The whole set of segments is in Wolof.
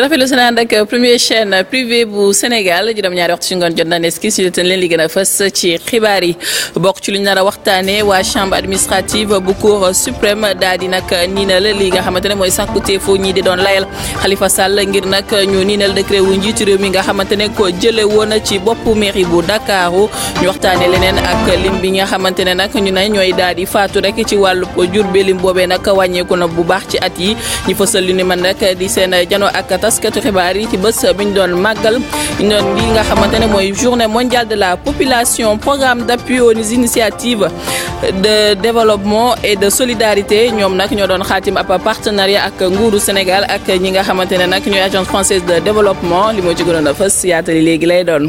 di rafetlu seen ànd ak première chaîne privée bu Sénégal juróom-ñaari waxtu ci ngoon jot na nes a fës ci xibaar yi bokk ci lu ñu nar a waxtaanee waa chambre administrative bu cour suprême daal di nag niinal li nga xamante ne mooy sàkkuteefu ñii di doon layal Khalifa Sall ngir nag ñu niinal décret wu njiitu réew mi nga xamante ne ko jële woon ci boppu mairie bu Ndakaaru ñu waxtaanee leneen ak lim bi nga xamante ne nag ñu ne ñooy daal di faatu rek ci wàllu jur bi lim boobee nag wàññeeku na bu baax ci at yi ñu fësal lu ni man rek di seen jano ak taskatu xibaar yi ci bés bi ñu doon màggal ñu doon li nga xamante ne mooy journée mondiale de la population programme d'appui aux initiatives de développement et de solidarité ñoom nag ñoo doon xaatim ab partenariat ak nguuru Sénégal ak ñi nga xamante ne nag ñooy agence française de développement li moo ci gënoon a fës yaatali léegi lay doon.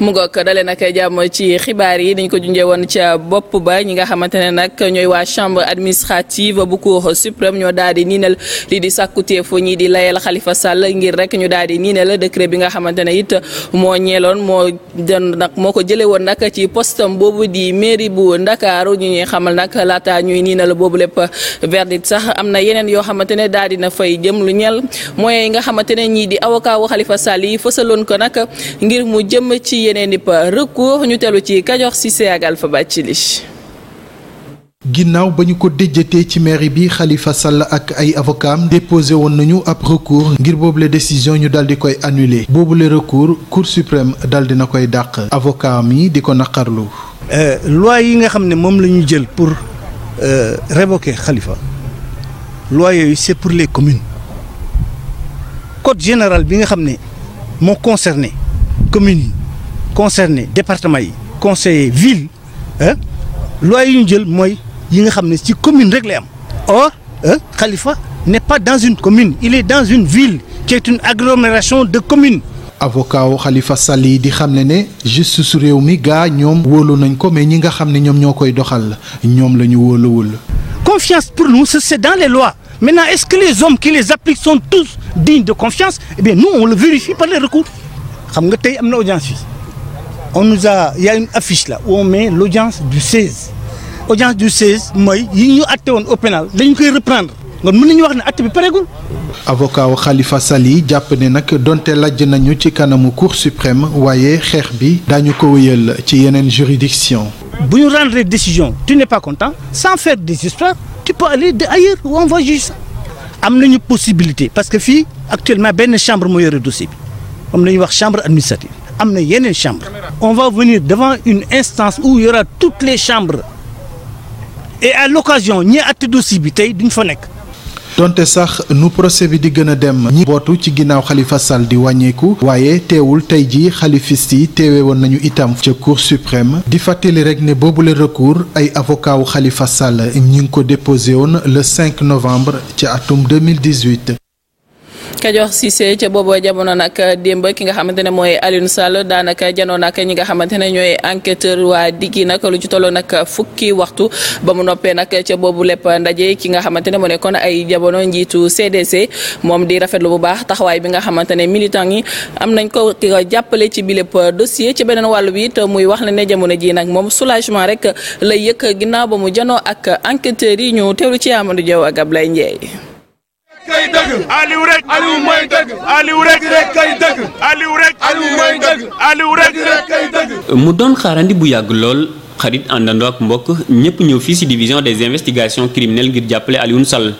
mu ngoog dalee nag jàmm ci xibaar yi dañ ko junjee woon ca bopp ba ñi nga xamante ne nag ñooy waa chambre administrative bu cour suprême ñoo daal di niinal lii di sàkkuteefu ñii di layal Khalifa Sall ngir rek ñu daal di niinal décret bi nga xamante ne it moo ñeeloon moo doon nag moo ko jëlee woon nag ci postam boobu di mairie bu Ndakaaru ñu ñuy xamal nag laata ñuy niinal boobu lépp verdict sax am na yeneen yoo xamante ne daal di na fay jëm lu ñel mooy nga xamante ne ñii di avocat wu Khalifa yi fësaloon ko nag ngir mu jëm ci yeneen i recours ñu telu ci Kajoor Cissé ak Alpha Bathily ginnaaw ba ñu ko déjjatee ci mairie bi Khalifa Sall ak ay avocaam déposé woon nañu ab recours ngir boobu la décision ñu dal di koy annulé boobule recours cour suprême dal dina koy dàq avocat mi di ko naqarlu euh, loi yi nga xam ne moom la ñu jël pour euh, révoquer Khalifa loi yooyu c'est pour les communes code général bi nga xam ne moo concerné communes yi concerné département yi conseiller ville ah loi yi ñu jël mooy yi nga xam ne ci commune rek lay am or Khalifa n'est pas dans une commune il est dans une ville qui est une agglomération de commune avocat wu Khalifa Sall di xam ne ne justice su réew mi gaa ñoom wóolu nañ ko mais ñi nga xam ne ñoom ñoo koy doxal ñoom la ñu wóoluwul. confiance pour nous c'est dans les lois maintenant est-ce que les hommes qui les appliquent sont tous dignes de confiance eh bien nous on le vérifie par xam nga tey am na audience on nous a il affiche là où on met l'audience du 16 audience du 16 mooy yi ñu atte woon au pénal dañu koy reprendre kon mën nañu wax ne atte bi pareegul. avocat wu sali jàpp ne nag donte lajj nañu ci kanamu cour suprême waaye xeex bi daañu ko wéyal ci yeneen juridiction. bu ñu rendre décision tu n'es pas content sans faire des histoires tu peux aller de ailleurs où on va am nañu possibilité parce que fii actuellement benn chambre moo yore dossier bi moom la ñuy wax chambre administrative. am na yeneen chambre on va venir devant une instance où il y aura toutes les chambres et à l'occasion ñi àtte dossier bi tey duñ fa nekk donte sax nu procès bi di gën a dem ñi bootu ci ginnaaw xalifa Sall di wàññeeku waaye teewul tey jii xalifiste yi teewe woon nañu itam ca cour suprême di fàttali rek ne boobu boobule recours ay avocat wu Khalifa Sall ñi ngi ko déposé woon le 5 novembre ci atum 2018 Kajoor Cissé ca boobu jamono nag démb ki nga xamante ne mooy Alioune sal daanaka janoo nag ñi nga xamante ne ñooy enquêteur waa diggi nag lu ci tolloo nag fukki waxtu ba mu noppee nag ca boobu lépp ndaje ki nga xamante ne mu nekkoon ay jamono njiitu CDC moom di rafetlu bu baax taxawaay bi nga xamante ne militant yi am nañ ko ki jàppale ci bi lépp dossier ci beneen wàllu bi it muy wax la ne jamono ji nag moom soulagement rek lay yëkk ginnaaw ba mu janoo ak enquêteurs yi ñu teewlu ci Amadou Diaw ak Ablaye Ndiaye kay dëgg Aliou rek Aliou mooy mu doon xaarandi bu yàgg lool xarit àndandoo ak mbokk ñëpp ñëw fii ci division des investigations criminelles ngir jàppale Alioune Sall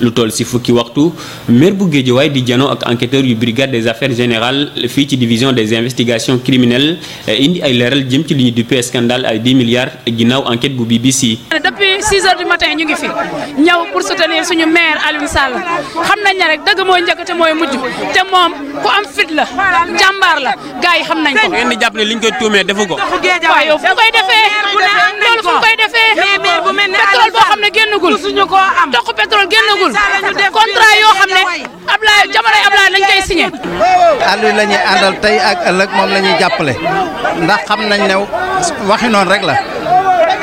lu toll ci fukki waxtu maire bu Guédiawaye di janoo ak enquêteur yu brigade des affaires générales fii ci division des investigations criminelles e indi ay leeral jëm ci liñu ñu duppee scandale ay 10 milliards ginnaaw enquête bu BBC. depuis 6 heures du ñu ngi fi ñëw pour soutenir suñu maire Alioune Sall xam nañ ne rek dëgg mooy njëkk te mooy mujj te moom ku am fit la jàmbaar la gars yi xam nañ ko. ngeen di jàpp ne liñ koy tuumee defu ko. waaw yow fu koy defee loolu fu koy defee pétrole boo xam ne génnagul toq pétrole génnagul contrat yoo xam ne Ablaye jamonoy Ablaye lañ koy signé. Alioune la ñuy àndal tey ak ëllëg moom la ñuy ndax xam nañ ne waxi noonu rek la.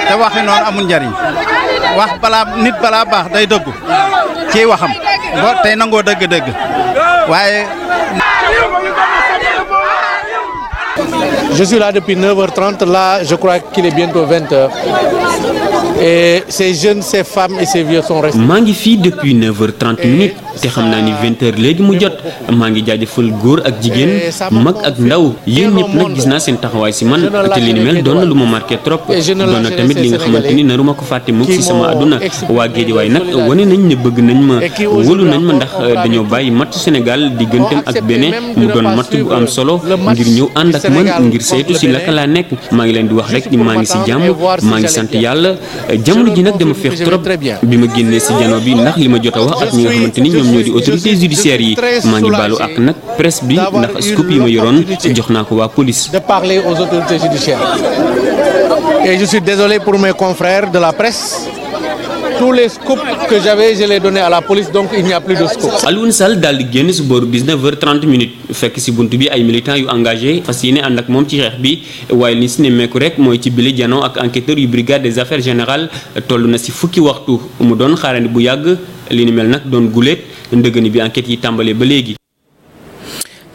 te waxi noonu amul njariñ wax balaa nit balaa baax day dëggu ci waxam bo tey nangoo dëgg-dëgg waaye. Je suis là depuis 9 la 30 là je crois qu'il est bientôt et jeunes ces femmes et ces vieux maa ngi fii depuis 9h30 minutes te xam naa ni 20h léegi mu jot maa ngi jaajëfal góor ak jigéen mag ak ndaw yéen ñëpp nag gis naa seen taxawaay si man te li ni mel doon na lu ma marqué trop doon na tamit li nga xamante ni naruma ko fàtte mukk si sama àdduna waa Géejawaay nag wane nañ ne bëgg nañ ma wóolu nañ ma ndax dañoo bàyyi mattu Sénégal digganteem ak Bénin mu doon matt bu am solo ngir ñëw ànd ak man ngir saytu si laka laa nekk maa ngi leen di wax rek maa ngi si jàmm maa ngi sant yàlla jamono ji nag dama feex trop bi ma génnee si jano bi ndax li ma jot a wax ak ñi nga ni ñoom ñoo di autorités judiciaires yi maa ngi baalu ak nag presse bi ndax scoop yi ma yoroon jox naa ko waa police. de parler aux autorités judiciaires et je suis tous les scoops que j'avais je les donnais à la police donc il n'y a plus de scoops. Alioune Sall daal génn si booru 19 h minutes fekk si buntu bi ay militants yu engagé fas yéene ànd ak moom ci xeex bi waaye li si nemmeeku rek mooy ci bile janoo ak enquêteur yu brigade des affaires générales toll na si fukki waxtu mu doon xaarandi bu yàgg li ni mel nag doon guléet ndëgëni bi enquête yi tàmbalee ba léegi.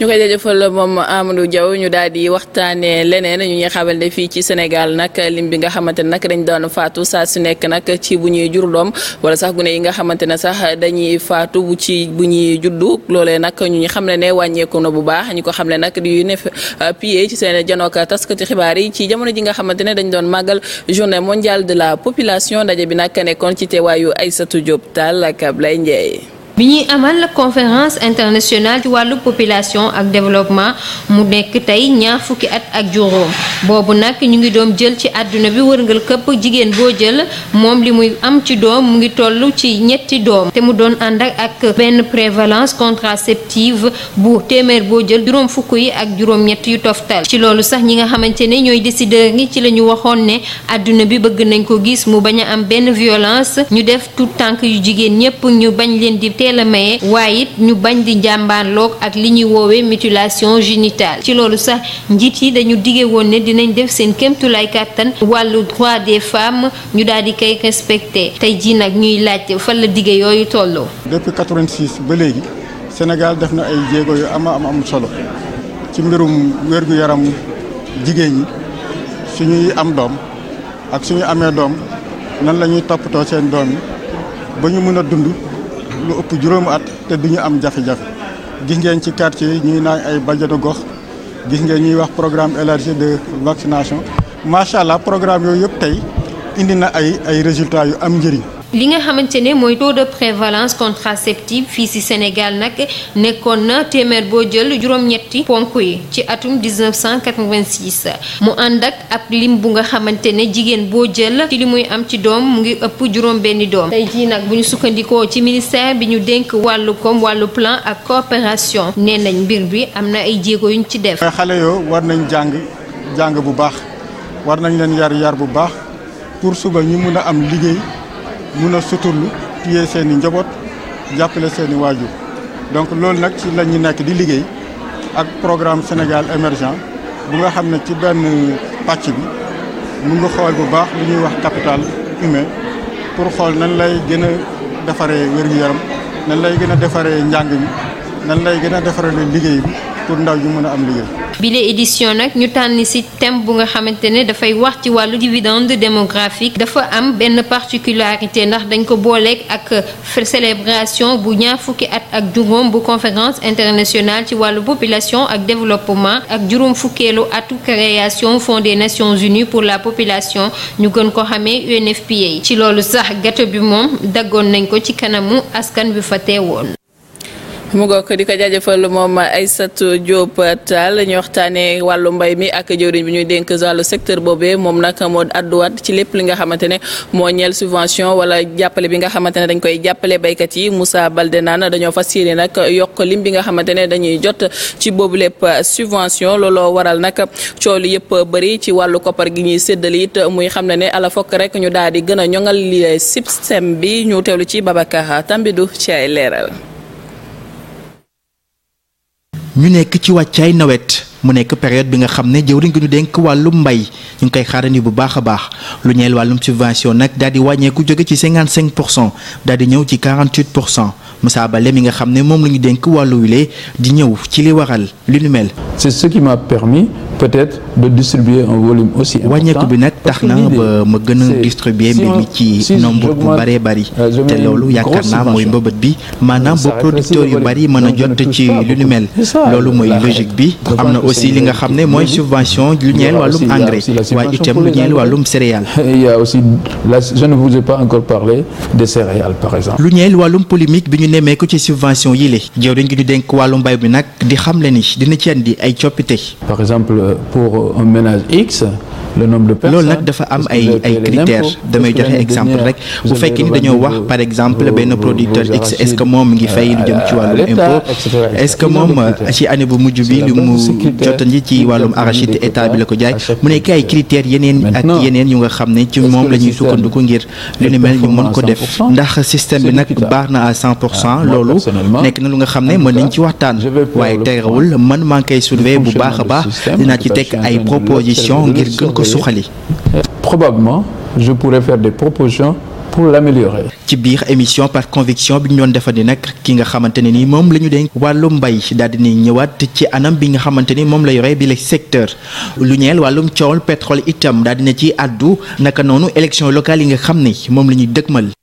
ñu koy jëjëfal am Amadou jaw ñu daal di waxtaanee leneen ñu ñuy xamal ne fii ci Sénégal nag lim bi nga xamante ne nag dañ doon faatu saa su nekk nag ci bu ñuy jur doom wala sax gune yi nga xamante ne sax dañuy faatu ci bu ñuy juddu loolee nag ñu ñu xam ne ne wàññeeku na bu baax ñu ko xam ne nag di UNFPA ci seen janook taskati xibaar yi ci jamono ji nga xamante ne dañ doon màggal journée mondiale de la population ndaje bi nag nekkoon ci teewaayu Aïssatou Diop Tall ak lay Ndiaye bi ñuy amal conférence internationale ci wàllu population ak développement mu nekk tey ñaar fukki at ak juróom boobu nag ñu ngi doom jël ci àdduna bi wërngal këpp jigéen boo jël moom li muy am ci doom mu ngi toll ci ñetti doom te mu doon ànd ak benn prévalence contraceptive bu téeméer boo jël juróom fukk yi ak juróom ñett yu toftal ci loolu sax ñi nga xamante ne ñooy décideur ngi ci la ñu waxoon ne àdduna bi bëgg nañ ko gis mu bañ a am benn violence ñu def tout tànk yu jigéen ñëpp ñu bañ teel a waaye it ñu bañ di njàmbaarloog ak li ñuy woowee mutilation génitale ci loolu sax njiit yi dañu dige woon ne dinañ def seen kéemtulaay kàttan wàllu droit des femmes ñu daal di koy respecté tey jii nag ñuy laajte fan la dige yooyu tolloo. depuis 86 ba léegi Sénégal def na ay jéego yu ama am am solo ci mbirum wérgu yaram jigéen ñi suñuy am doom ak suñu amee doom nan la ñuy toppatoo seen doom yi ba ñu mën dund. lu ëpp juróomi at te du ñu am jafe-jafe gis ngeen ci quartier yi ñuy naan ay bajenu gox gis ngeen ñuy wax programme élargi de vaccination macha allah programme yooyu yëpp tey indi na ay ay résultats yu am njëriñ. li nga xamante ne mooy taux de prévalence contraceptive fii ci Sénégal nag nekkoon na téeméer boo jël juróom-ñetti ponk yi ci atum 1986 mu ànd ak ab lim bu nga xamante ne jigéen boo jël ci li muy am ci doom mu ngi ëpp juróom-benni doom tey jii nag bu ñu sukkandikoo ci ministère bi ñu dénk wàllu koom wàllu plan ak coopération nee nañ mbir bi am na ay jéego yuñ ci def. xale yoo war nañ jàng jàng bu baax war nañ leen yar yar bu baax pour suba ñu mën a am liggéey. mun a suturlu téye seen i njaboot jàppale seen i waajur donc loolu nag ci la ñu nekk di liggéey ak programme Sénégal émergent bu nga xam ne ci benn pàcc bi mun nga xool bu baax lu ñuy wax capital humain pour xool nan lay gën a defaree wér-gu-yaram nan lay gën a defaree njàng bi nan lay gën a defaree liggéey bi pour ndaw ñu nag ñu tànn ci thème bu nga xamante ne dafay wax ci wàllu dividende démographique dafa am benn particularité ndax dañ ko booleeg ak célébration bu ñaar fukki at ak juróom bu conférence internationale ci wàllu population ak développement ak juróom fukkeelu atu création Fonds des Nations Unies pour la population ñu gën ko xamee UNFPA ci loolu sax gato bi moom daggoon nañ ko ci kanamu askan bi fa teewoon. mu ngoog di ko jaajëfal moom Aïssatou Diop Tall ñu waxtaanee wàllu mbay mi ak jëwriñ bi ñuy dénk wàllu secteur boobee moom nag moo adduwaat ci lépp li nga xamante ne moo ñeel subvention wala jàppale bi nga xamante ne dañ koy jàppale baykat yi Moussa Baldé naan dañoo fas yéene nag yokk bi nga xamante ne dañuy jot ci boobu lépp subvention looloo waral nag coolu li yëpp bëri ci wàllu koppar gi ñuy séddale it muy xam ne ne ala fokk rek ñu daal di gën a ñoŋal système bi ñu teewlu ci Babacar Tambidou ci ay leeral. ñu nekk ci wàccaay nawet mu nekk période bi nga xam ne jëwriñ gi ñu denk wàllum mbay ñu ngi koy xaarandi bu baax a baax lu ñeel wàllum subvention nag daal wàññeeku jóge ci 55 pour cent daal di ñëw ci 48 pour cent Moussa Baldé nga xam ne moom la ñu dénk wàllu di ñëw ci li waral li nu mel. c'est ce qui m'a permis de distribuer un volume aussi important. wàññeeku bi nag tax na ba ma gën a distribuer mbir mi ci nombre bu bëree bëri euh, te loolu yaakaar naa mooy mbëbët bi maanaam ba producteurs yu bëri mën a jot ci lu nu mel loolu mooy logique bi am na aussi li nga xam ne mooy subvention lu ñeel wàllum engrais waaye itam lu ñeel wàllum céréales. il y a aussi la lu ñeel wàllum polémique bi ñu nemmeeku ci subvention yi lé jëw dañ gi ñu dénk wàllu mbay bi nag di xam le ni dina ci andi ay coppite par exemple pour un ménage X le nombre de personnes loolu nag dafa am ay ay damay joxe exemple rek bu fekkee ni dañoo wax par exemple benn producteur x est que moom mu ngi fay lu jëm ci wàllum impôt est-ce que moom euh, ci année bu mujj bi lu mu jotandi ci wàllum arachide état bi la ko jaay mu nekk ay critères yeneen yu nga xam ne ci moom la ñuy sukkandiku ngir lu ni mel ñu mën ko def ndax système bi nag baax na à cent pour cent ah, loolu nekk na lu nga xam ne mën nañ ci waxtaan waaye terewul man maa ngi koy soulever bu baax a baax dinaa ci teg ay ko suxali. probablement je pourrais faire des propositions pour l'améliorer. ci biir émission par conviction bi ñu doon defandi nag ki nga xamante ne ni moom la ñu dénk wàllum mbay daal dina ñëwaat ci anam bi nga xamante ni moom la yore bi le secteur lu ñeel wàllum coowal pétrole itam daal dina ci àddu naka noonu élection locale yi nga xam ni moom la ñuy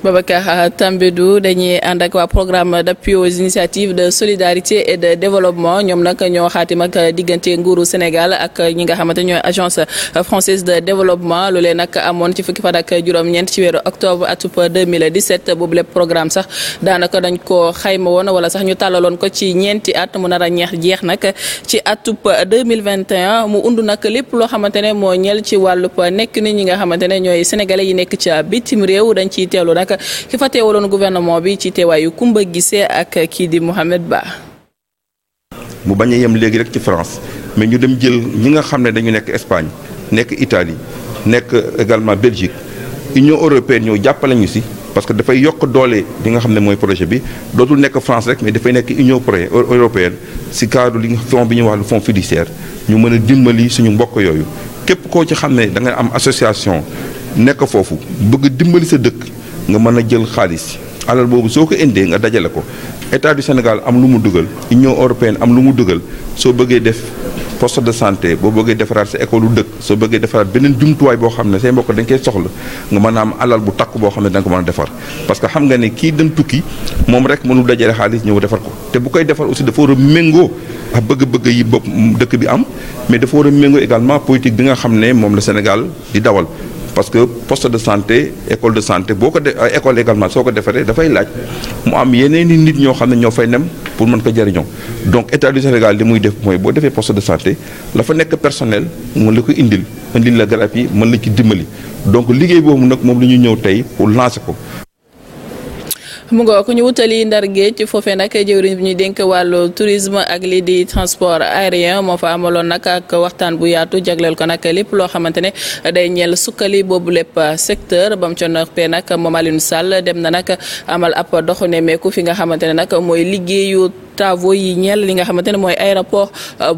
Babacar Tambédou dañuy ànd ak waa programme d'appui aux initiatives de solidarité et de développement ñoom nag ñoo xaatim ak diggante nguuru Sénégal ak ñi nga xamante ñooy agence française de développement loolee nag amoon ci fukki fan ak juróom-ñeent ci weeru octobre atub 2017 boobu lépp programme sax daanaka dañ ko xayma woon wala sax ñu tàllaloon ko ci ñeenti at mu nar a ñeex jeex nag ci atub 2021 mu undu nag lépp loo xamante ne moo ñel ci wàllub nekk ni ñi nga xamante ne ñooy sénégalais yi nekk ca bitim réew dañ ciy teewlu nag ki fa teewaloon gouvernement bi ci teewaayu Kumba Gise ak kii di Mohamed Ba. mu bañ a yem léegi rek ci France mais ñu dem jël ñi nga xam ne dañu nekk Espagne nekk Italie nekk également Belgique Union européenne ñoo jàppale ñu si. parce que dafay yokk doole li nga xam ne mooy projet bi dootul nekk France rek mais dafay nekk Union européenne si cadre li fond bi ñu wax le fonds fiduciaire ñu mën a dimbali suñu mbokk yooyu képp koo ci xam ne da nga am association nekk foofu bëgg dimbali sa dëkk. nga mën a jël xaalis alal boobu soo ko indee nga dajale ko état du Sénégal am lu mu dugal union européenne am lu mu dugal soo bëggee def poste de santé boo bëggee defaraat sa école dëkk soo bëggee defaraat beneen jumtuwaay boo xam ne say mbokk dañ koy soxla nga mën a am alal bu takk boo xam ne da nga ko mën a defar parce que xam nga ne kii dem tukki moom rek mënul dajale xaalis ñëw defar ko te bu koy defar aussi dafa war a méngoo ak bëgg-bëgg yi bopp dëkk bi am mais dafa war méngoo également politique bi nga xam ne moom la Sénégal di dawal parce que poste de santé école de santé boo ko de euh, école également soo ko defaree dafay laaj mu am yeneen i nit ñoo xam ne ñoo fay nem pour mën ko jëriñoo donc état du Sénégal li muy def mooy boo defee poste de santé lafa nekk personnel mën la ko indil indil la garab yi mën na ci dimbali donc liggéey boobu nag moom la ñu ñëw tey pour lancer ko. mu ngoo ku ñu wutali ndar géej foofee nag jëwriñ bi ñu dénk wàllu tourisme ak lii di transport aérien moo fa amaloon nag ak waxtaan bu yaatu jagleel ko nag lépp loo xamante ne day ñeel sukkali boobu lépp secteur ba mu ca nag moom Alioune Sall dem na nag amal ab doxu nemmeeku fi nga xamante ne nag mooy liggéeyu travaux yi ñeel li nga xamante ne mooy aéroport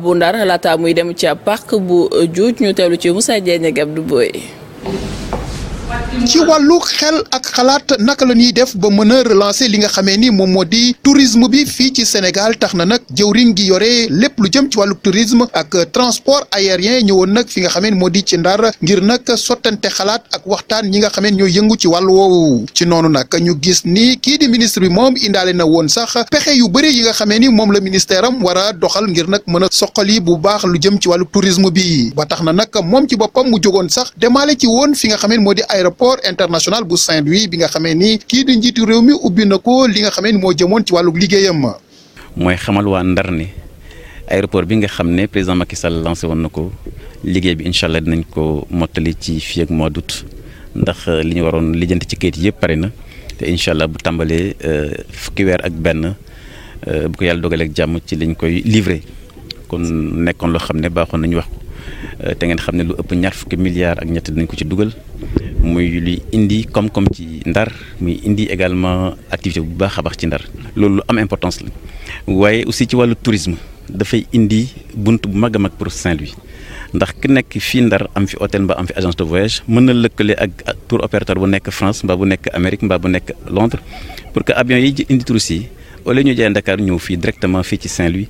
bu ndar laata muy dem ca parc bu Djoudj ñu teewlu ci Moussa Diagne du Boye ci wàllu xel ak xalaat naka la ñuy def ba mën a relancer li nga xamee ni moom moo di tourisme bi fii ci Sénégal tax na nag jëwriñ gi yore lépp lu jëm ci wàllu tourisme ak transport aérien ñëwoon nag fi nga xamee ni moo di ci ndar ngir nag sottante xalaat ak waxtaan ñi nga xamee ni ñoo yëngu ci wàllu woowu ci noonu nag ñu gis ni kii di ministre bi moom indaale na woon sax pexe yu bëri yi nga xamee ni moom la ministère am war a doxal ngir nag mën a soqali bu baax lu jëm ci wàllu tourisme bi tax na nag moom ci boppam mu sax aéroport international bu Saint-Louis bi nga xamee ni kii di njiitu réew mi ubbi na ko li nga xamee ni moo jëmoon ci wàllu liggéeyam. mooy xamal waa Ndar ni aéroport bi nga xam ne président Macky Sall lancé woon na ko liggéey bi incha allah dinañ ko mottali ci fii ak mois d'août ndax li ñu waroon lijjanti ci kayit yëpp pare na te incha allah bu tàmbalee euh, fukki weer ak benn euh, bu ko yàlla dogalee jàmm ci lañ koy livré kon nekkoon loo xam ne baaxoon nañu wax ko. Euh, te ngeen xam ne lu ëpp ñaar fukki milliards ak ñett dinañ ko ci dugal muy luy indi koom-koom ci ndar muy indi également activité bu baax a baax ci ndar loolu lu am importance la waaye aussi ci wàllu tourisme dafay indi bunt bu mag a mag pour Saint-Louis ndax ki nekk fii Ndar am fi hôtel mbaa am fi agence de voyage mën na lëkkale ak tour opérateur bu nekk France mbaa bu nekk Amérique mbaa bu nekk Londres pour que abion yi indi touristes yi au ñu jaay Dakar ñëw fii directement fii ci Saint-Louis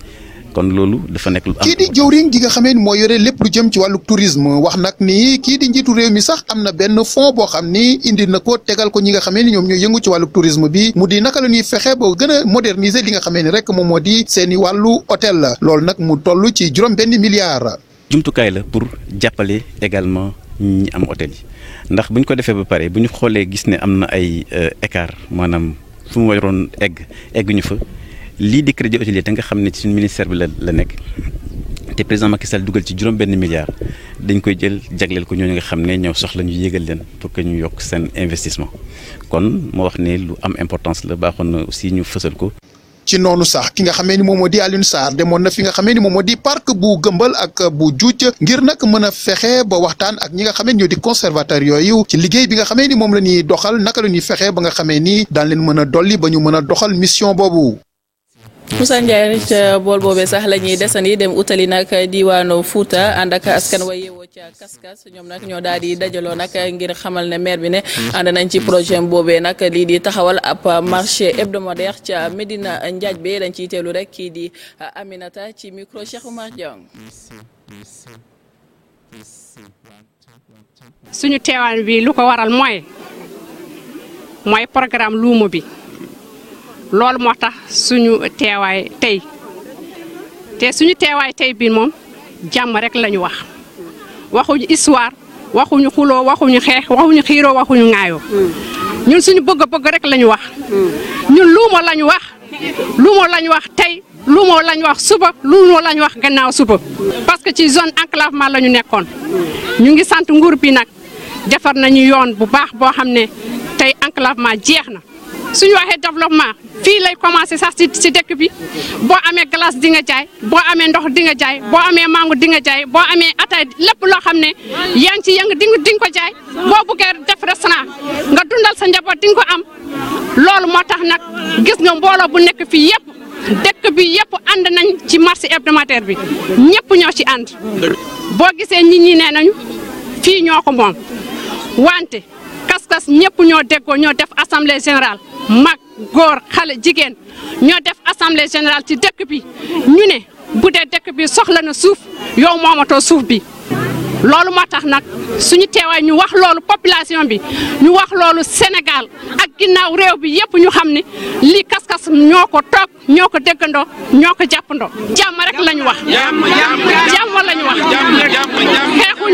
kon loolu dafa nekk lu am. kii di jëwriñ gi nga xamee ni moo yore lépp lu jëm ci wàllu tourisme wax nag ni kii di njiitu réew mi sax am na benn fond boo xam ni indi na ko tegal ko ñi nga xamee ni ñoom ñooy yëngu ci wàllu tourisme bi mu di naka la ñuy fexe ba gën a moderniser li nga xamee ni rek moom moo di seen wàllu hôtel la loolu nag mu tollu ci juróom benn milliard. jumtukaay la pour jàppale également ñi am hôtel yi ndax bu ñu ko defee ba pare bu ñu xoolee gis ne am na ay euh, écart maanaam fu mu egg egguñu fa. lii di crédit hôtelier te nga xam ne ci suñu ministère bi la la nekk te président Macky Sall dugal ci juróom benn milliard dañ koy jël jagleel ko ñooñu nga xam ne ñoo soxla ñu yégal leen pour que ñu yokk seen investissement kon moo wax ni lu am importance la baaxoon na aussi ñu fësal ko. ci noonu sax ki nga xamee ni moom moo di Alioune Sarr demoon na fi nga xamee ni moom moo di parc bu gëmbal ak bu juuj ngir nag mën a fexe ba waxtaan ak ñi nga xamee ñoo di conservateur yooyu ci liggéey bi nga xamee ni moom la ñuy doxal naka la ñuy fexe ba nga xamee ni daan leen mën a dolli ba ñu mën a doxal mission boobu. Moussa Ndiaye ca euh, bool boobee sax la ñuy desandi dem utali nag diwaanu Fouta ànd ak askan wa ca Kaskas ñoom nag ñoo daal di dajaloo nag ngir xamal ne maire bi ne ànd nañ ci projet boobee nag lii di taxawal ab marché hebdomadaire ca Medina Njaaj be dañ ciy teelu rek kii di euh, Aminata ci micro Cheikh Oumar Diong suñu teewaan bi lu ko waral mooy mooy programme luuma bi loolu moo tax suñu teewaay tey te suñu teewaay tey bii moom jàmm rek la ñu wax waxuñu histoire waxuñu xuloo waxuñu xeex waxuñu xiiroo waxuñu ŋaayoo ñun suñu bëgg-bëgg rek la ñu wax ñun luuma lañu wax luuma la ñu wax tey luuma la ñu wax suba luuma la ñu wax gannaaw suba parce que ci zone enclavement la ñu nekkoon ñu ngi sant nguur bi nag defar nañu yoon bu baax boo xam ne tey enclavement jeex na suñu waxee développement fii lay commencé sax si si dëkk bi boo amee glace di nga jaay boo amee ndox di nga jaay boo amee mango di nga jaay boo amee ataay lépp loo xam ne yaa ngi ci yëngu di nga ko jaay boo buggee def restaurant nga dundal sa njaboot di nga ko am loolu moo tax nag gis nga mbooloo bu nekk fii yëpp dëkk bi yëpp ànd nañ ci marché hebdomadaire bi ñëpp ñoo ci ànd boo gisee nit ñi nee nañu fii ñoo ko moom wante pas ñëpp ñoo déggoo ñoo def assemblée générale mag góor xale jigéen ñoo def assemblée générale ci dëkk bi ñu ne bu dee dëkk bi soxla na suuf yow moomatoo suuf bi loolu moo tax nag suñu teewaay ñu wax loolu population bi ñu wax loolu Sénégal ak ginnaaw réew bi yëpp ñu xam ni lii kas-kas ñoo ko toog ñoo ko déggandoo ñoo ko jàppandoo jàmm rek la ñu wax. jàmm jàmm jàmm la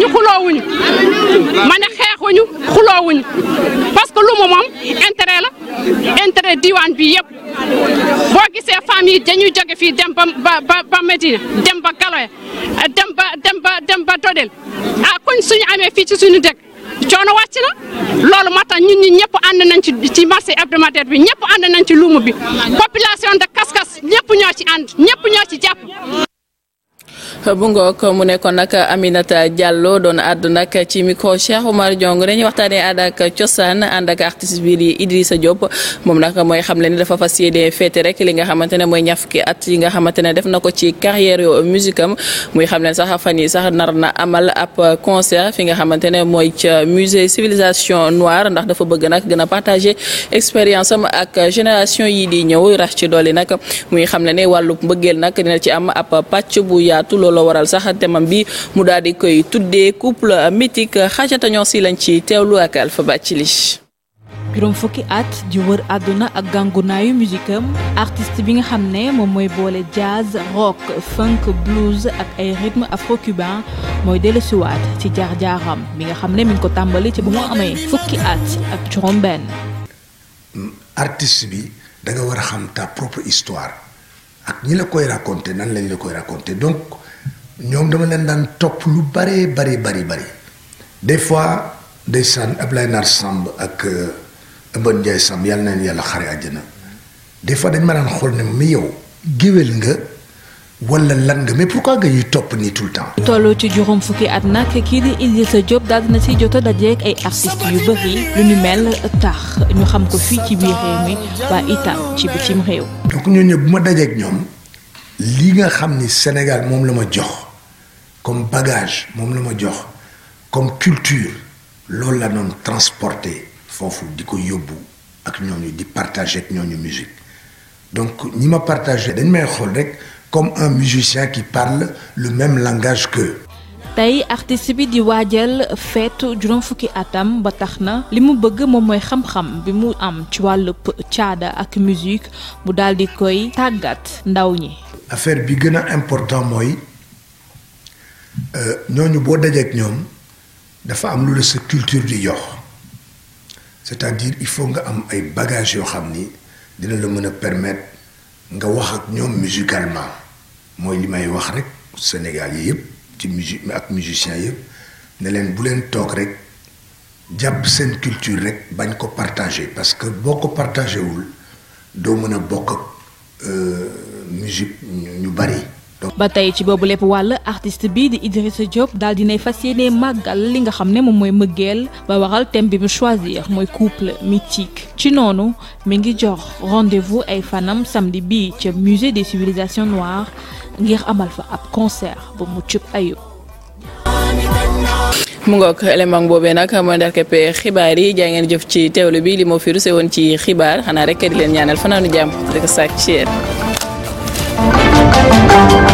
ñu xuloowuñu xeexuñu xuloowuñu parce que lu mu moom intérêt la intérêt diwaan bi yëpp boo gisee femmes yi dañuy jóge fii dem ba ba ba Medina dem ba Galoya dem ba dem ba Dodel ah kuñ suñu amee fii ci suñu dëkk coono wàcc na loolu moo tax ñun ñi ñëpp ànd nañ ci ci marché hebdomadaire bi ñëpp ànd nañ ci luumu bi population de Kaskas ñëpp ñoo ci ànd ñëpp ñoo ci jàpp. bu ngoog mu nekkoon nag Aminata Diallo doon àddu nag ci micro Cheikh Oumar Diong dañuy waxtaanee aada ak cosaan ànd ak artiste bii di Idrissa Diop moom nag mooy xam le ni dafa fas yéene féete rek li nga xamante ne mooy ñaaf ki at yi nga xamante ne def na ko ci carrière yo musique am muy xam leen sax fan yi sax nar na amal ab concert fi nga xamante ne mooy ca musée civilisation noire ndax dafa bëgg nag gën a partager expérience am ak génération yi di ñëw ra ci dolli nag muy xam le ne wàllu mbëggeel nag dina ci am ab pàcc bu yaatu yaatu looloo waral sax temam bi mu daal di koy tuddee couple mythique xaajata ñoo si lañ ci teewlu ak Alpha Bathily juróom fukki at di wër àdduna ak gàngunaayu musique am artiste bi nga xam ne moom mooy boole jazz rock funk blues ak ay rythme afro-cubain mooy dellusiwaat ci jaar-jaaram bi nga xam ne mi ngi ko tàmbali ci bu mu amee fukki at ak juróom benn bi da nga war a xam ta propre histoire ak ñi la koy raconté nan lañ la koy raconté donc ñoom dama leen daan topp lu bëree bari bari bari des fois ab Ablaye Nar Samb ak euh, Mbodj Ndiaye Samb yàlla na leen yàlla xare àjjana des fois dañ ma daan xool ne mi yow géwél nga wala lan nga mais pourquoi nga ñuy topp nii tout le temps. tolloo ci juróom fukki at nag kii di Idrissa Diop daal na si jot a dajeek ay artistes yu bëri lu ñu mel tax ñu xam ko fii ci biir réew mi waa itam ci bi réew. donc ñooñu bu ma dajeek ñoom li nga xam ni Sénégal moom la ma jox comme bagage moom la ma jox comme culture loolu la doon transporter foofu di ko yóbbu ak ñooñu di partager ak ñooñu donc ñi ma partager dañ may xool rek. comme un musicien qui parle lu même langage qu'eux. tey artiste bi di waajal feetu juróom fukki atam ba tax na li mu bëgg moom mooy xam-xam bi mu am ci wàllu caada ak musique mu daal di koy tàggat ndaw ñi. affaire bi gën a important mooy euh, ñooñu boo dajeek ñoom dafa am lu la sa culture di jox c'est-à-dire il faut nga am ay bagages yoo xam ni dina la mën a permettre. nga wax ak ñoom musicalement mooy li may wax rek Sénégal yi yëpp ci musique ak musiciens yëpp ne leen bu leen toog rek jàpp seen culture rek bañ ko partager parce que boo ko partagé wul doo mën a bokk ak euh, musique ñu bari ba tey ci boobu lépp wàll artiste bi di Idrissa Diop daal dinay fas yéene màggal li nga xam ne moom mooy mëggeel ba waral thème bi mu choisir mooy couple mythique ci noonu mi ngi jox rendez ay fanam samedi bii ca musée des civilisations noires ngir amal fa ab concert bu mucc ayub mu ngoog élément boobee nag mooy ndarkepp xibaar yi jaa ngeen jëf ci teewlu bi li moo fi ruse woon ci xibaar xanaa rek di leen ñaanal fanaanu jàmm rek sàkk ci yéen